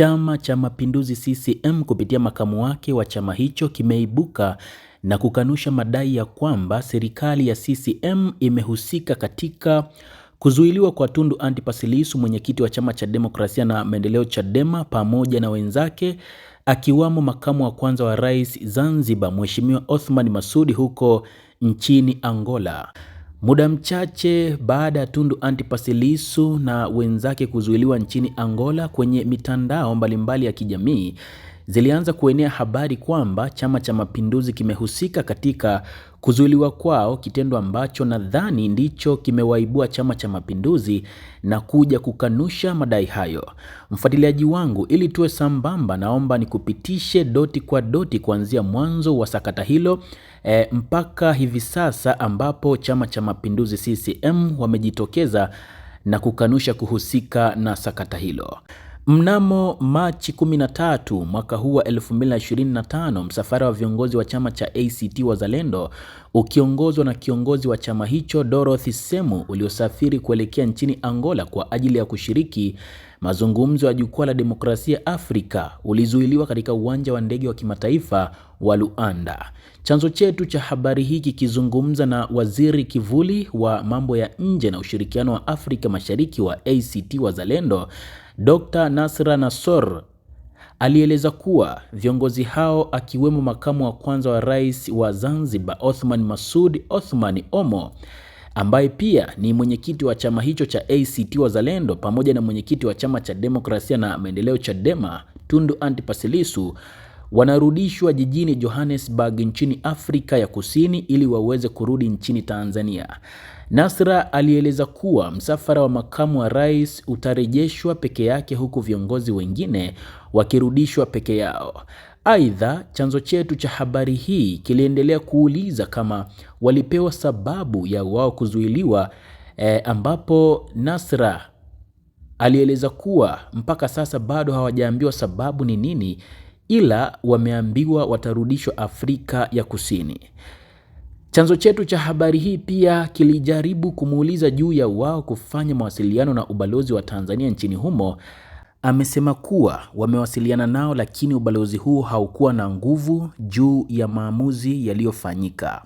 Chama cha Mapinduzi CCM kupitia makamu wake wa chama hicho kimeibuka na kukanusha madai ya kwamba serikali ya CCM imehusika katika kuzuiliwa kwa Tundu Antipas Lissu, mwenyekiti wa chama cha demokrasia na maendeleo Chadema, pamoja na wenzake akiwamo makamu wa kwanza wa rais Zanzibar Mheshimiwa Othman Masudi huko nchini Angola. Muda mchache baada ya Tundu Antipas Lissu na wenzake kuzuiliwa nchini Angola, kwenye mitandao mbalimbali ya kijamii zilianza kuenea habari kwamba Chama cha Mapinduzi kimehusika katika kuzuiliwa kwao, kitendo ambacho nadhani ndicho kimewaibua Chama cha Mapinduzi na kuja kukanusha madai hayo. Mfuatiliaji wangu, ili tuwe sambamba, naomba nikupitishe doti kwa doti kuanzia mwanzo wa sakata hilo e, mpaka hivi sasa ambapo Chama cha Mapinduzi CCM wamejitokeza na kukanusha kuhusika na sakata hilo. Mnamo Machi 13 mwaka huu wa 2025, msafara wa viongozi wa chama cha ACT Wazalendo ukiongozwa na kiongozi wa chama hicho Dorothy Semu uliosafiri kuelekea nchini Angola kwa ajili ya kushiriki mazungumzo ya jukwaa la demokrasia Afrika ulizuiliwa katika uwanja wa ndege wa kimataifa wa Luanda. Chanzo chetu cha habari hii kikizungumza na waziri kivuli wa mambo ya nje na ushirikiano wa Afrika Mashariki wa ACT Wazalendo Dr. Nasra Nassor alieleza kuwa viongozi hao akiwemo makamu wa kwanza wa rais wa Zanzibar Othman Masud Othman Omo ambaye pia ni mwenyekiti wa chama hicho cha ACT Wazalendo pamoja na mwenyekiti wa chama cha demokrasia na maendeleo Chadema Tundu Antipas Lissu wanarudishwa jijini Johannesburg nchini Afrika ya Kusini ili waweze kurudi nchini Tanzania. Nasra alieleza kuwa msafara wa makamu wa rais utarejeshwa peke yake huku viongozi wengine wakirudishwa peke yao. Aidha, chanzo chetu cha habari hii kiliendelea kuuliza kama walipewa sababu ya wao kuzuiliwa e, ambapo Nasra alieleza kuwa mpaka sasa bado hawajaambiwa sababu ni nini ila wameambiwa watarudishwa Afrika ya Kusini. Chanzo chetu cha habari hii pia kilijaribu kumuuliza juu ya wao kufanya mawasiliano na ubalozi wa Tanzania nchini humo. Amesema kuwa wamewasiliana nao, lakini ubalozi huu haukuwa na nguvu juu ya maamuzi yaliyofanyika.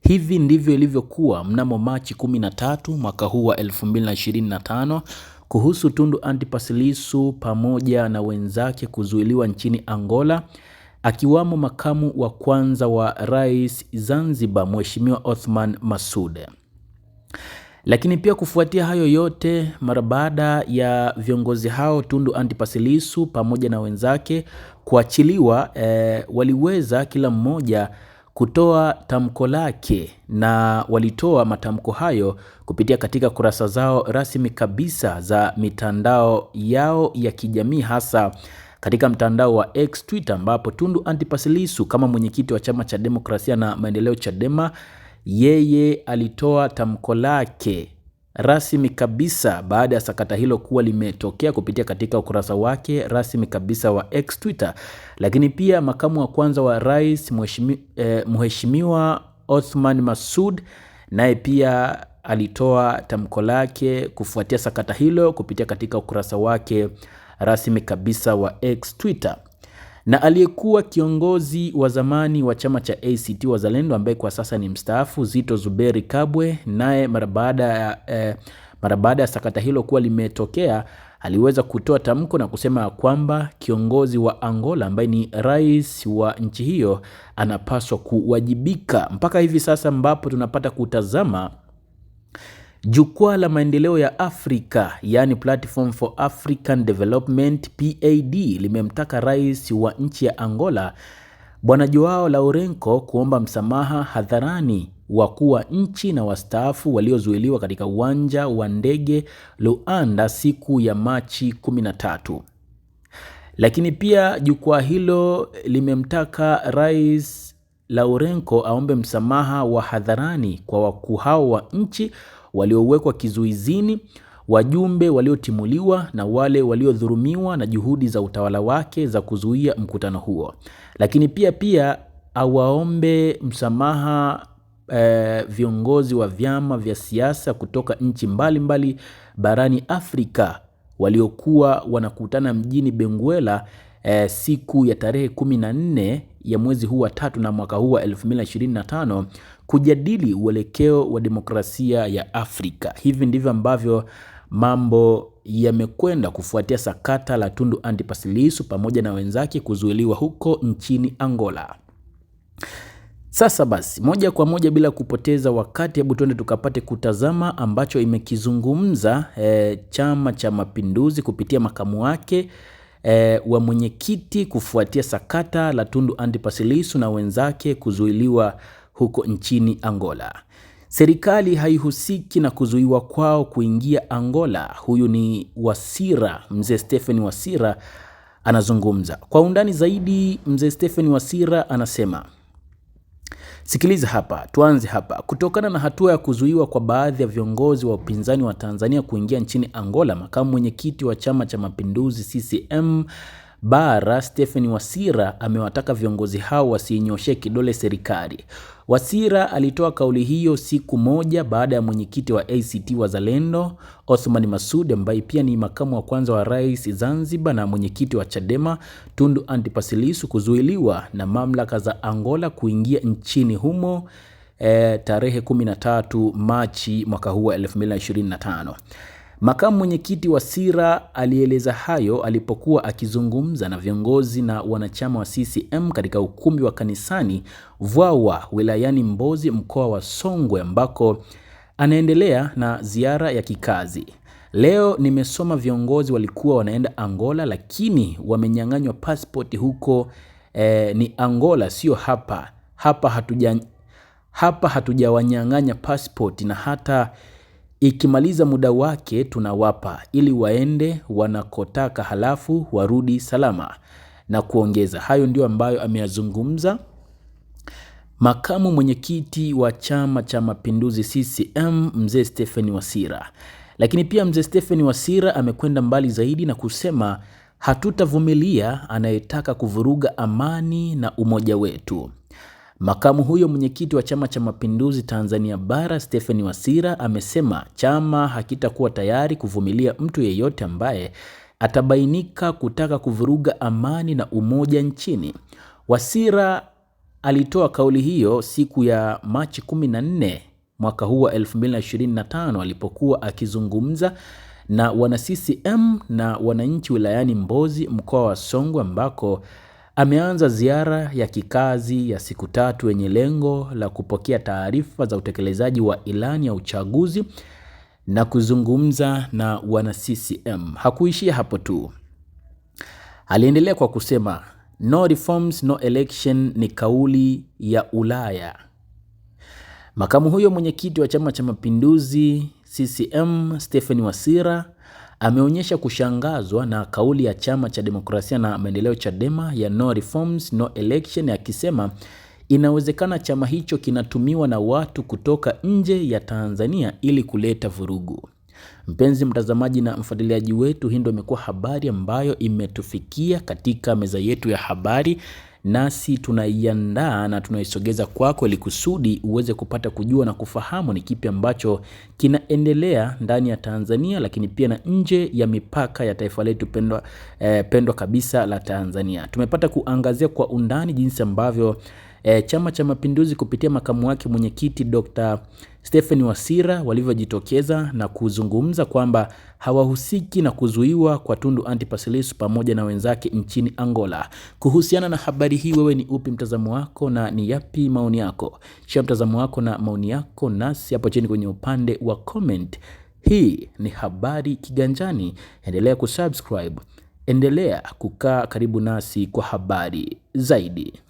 Hivi ndivyo ilivyokuwa mnamo Machi 13 mwaka huu wa 2025 kuhusu Tundu Antipas Lissu pamoja na wenzake kuzuiliwa nchini Angola akiwamo makamu wa kwanza wa rais Zanzibar Mheshimiwa Othman Masoud. Lakini pia kufuatia hayo yote, mara baada ya viongozi hao Tundu Antipas Lissu pamoja na wenzake kuachiliwa, e, waliweza kila mmoja kutoa tamko lake na walitoa matamko hayo kupitia katika kurasa zao rasmi kabisa za mitandao yao ya kijamii hasa katika mtandao wa X Twitter, ambapo Tundu Antipas Lissu kama mwenyekiti wa chama cha demokrasia na maendeleo Chadema, yeye alitoa tamko lake rasmi kabisa baada ya sakata hilo kuwa limetokea kupitia katika ukurasa wake rasmi kabisa wa X Twitter. Lakini pia makamu wa kwanza wa rais mheshimiwa eh, Othman Masud naye pia alitoa tamko lake kufuatia sakata hilo kupitia katika ukurasa wake rasmi kabisa wa X Twitter na aliyekuwa kiongozi wa zamani wa chama cha ACT Wazalendo ambaye kwa sasa ni mstaafu Zito Zuberi Kabwe, naye mara baada ya eh, mara baada ya sakata hilo kuwa limetokea aliweza kutoa tamko na kusema kwamba kiongozi wa Angola ambaye ni rais wa nchi hiyo anapaswa kuwajibika. Mpaka hivi sasa ambapo tunapata kutazama Jukwaa la maendeleo ya Afrika yani Platform for African Development PAD limemtaka rais wa nchi ya Angola Bwana Joao Lourenco kuomba msamaha hadharani wakuu wa nchi na wastaafu waliozuiliwa katika uwanja wa ndege Luanda siku ya Machi 13. Lakini pia jukwaa hilo limemtaka Rais Lourenco aombe msamaha wa hadharani kwa wakuu hao wa nchi waliowekwa kizuizini, wajumbe waliotimuliwa na wale waliodhulumiwa na juhudi za utawala wake za kuzuia mkutano huo. Lakini pia pia awaombe msamaha e, viongozi wa vyama vya siasa kutoka nchi mbalimbali barani Afrika waliokuwa wanakutana mjini Benguela e, siku ya tarehe kumi na nne ya mwezi huu wa tatu na mwaka huu wa 2025 kujadili uelekeo wa demokrasia ya Afrika. Hivi ndivyo ambavyo mambo yamekwenda kufuatia sakata la Tundu Antipas Lissu pamoja na wenzake kuzuiliwa huko nchini Angola. Sasa basi, moja kwa moja bila kupoteza wakati, hebu twende tukapate kutazama ambacho imekizungumza e, Chama cha Mapinduzi kupitia makamu wake e, wa mwenyekiti kufuatia sakata la Tundu Antipas Lissu na wenzake kuzuiliwa huko nchini Angola. Serikali haihusiki na kuzuiwa kwao kuingia Angola. Huyu ni Wasira, mzee Stephen Wasira anazungumza kwa undani zaidi. Mzee Stephen Wasira anasema Sikiliza hapa, tuanze hapa. Kutokana na hatua ya kuzuiwa kwa baadhi ya viongozi wa upinzani wa Tanzania kuingia nchini Angola, makamu mwenyekiti wa Chama cha Mapinduzi CCM Bara, Stephen Wasira amewataka viongozi hao wasiinyoshe kidole serikali. Wasira alitoa kauli hiyo siku moja baada ya mwenyekiti wa ACT Wazalendo Othman Masud ambaye pia ni makamu wa kwanza wa rais Zanzibar na mwenyekiti wa Chadema Tundu Antipas Lissu kuzuiliwa na mamlaka za Angola kuingia nchini humo eh, tarehe 13 Machi mwaka huu wa 2025. Makamu mwenyekiti wa Sira alieleza hayo alipokuwa akizungumza na viongozi na wanachama wa CCM katika ukumbi wa kanisani Vwawa wilayani Mbozi mkoa wa Songwe ambako anaendelea na ziara ya kikazi. Leo nimesoma viongozi walikuwa wanaenda Angola lakini wamenyang'anywa pasipoti huko. Eh, ni Angola sio hapa hapa hatuja hapa hatujawanyang'anya pasipoti na hata Ikimaliza muda wake tunawapa ili waende wanakotaka halafu warudi salama na kuongeza. Hayo ndio ambayo ameyazungumza makamu mwenyekiti wa Chama cha Mapinduzi CCM mzee Stephen Wasira. Lakini pia mzee Stephen Wasira amekwenda mbali zaidi na kusema hatutavumilia anayetaka kuvuruga amani na umoja wetu. Makamu huyo mwenyekiti wa Chama cha Mapinduzi Tanzania Bara, Stephen Wasira, amesema chama hakitakuwa tayari kuvumilia mtu yeyote ambaye atabainika kutaka kuvuruga amani na umoja nchini. Wasira alitoa kauli hiyo siku ya Machi 14 mwaka huu wa 2025 alipokuwa akizungumza na wana CCM na wananchi wilayani Mbozi mkoa wa Songwe ambako ameanza ziara ya kikazi ya siku tatu yenye lengo la kupokea taarifa za utekelezaji wa ilani ya uchaguzi na kuzungumza na wana CCM. Hakuishia hapo tu, aliendelea kwa kusema no reforms, no election ni kauli ya Ulaya. Makamu huyo mwenyekiti wa Chama cha Mapinduzi CCM Stephen Wasira ameonyesha kushangazwa na kauli ya chama cha demokrasia na maendeleo Chadema ya no reforms no election, akisema inawezekana chama hicho kinatumiwa na watu kutoka nje ya Tanzania ili kuleta vurugu. Mpenzi mtazamaji na mfuatiliaji wetu, hii ndio imekuwa habari ambayo imetufikia katika meza yetu ya habari nasi tunaiandaa na tunaisogeza kwako ili kusudi uweze kupata kujua na kufahamu ni kipi ambacho kinaendelea ndani ya Tanzania, lakini pia na nje ya mipaka ya taifa letu pendwa, eh, pendwa kabisa la Tanzania. Tumepata kuangazia kwa undani jinsi ambavyo e, Chama cha Mapinduzi kupitia makamu wake mwenyekiti Dr. Stephen Wasira walivyojitokeza na kuzungumza kwamba hawahusiki na kuzuiwa kwa Tundu Antipas Lissu pamoja na wenzake nchini Angola. Kuhusiana na habari hii, wewe ni upi mtazamo wako na ni yapi maoni yako? Shia mtazamo wako na maoni yako nasi hapo chini kwenye upande wa comment. Hii ni Habari Kiganjani, endelea kusubscribe, endelea kukaa karibu nasi kwa habari zaidi.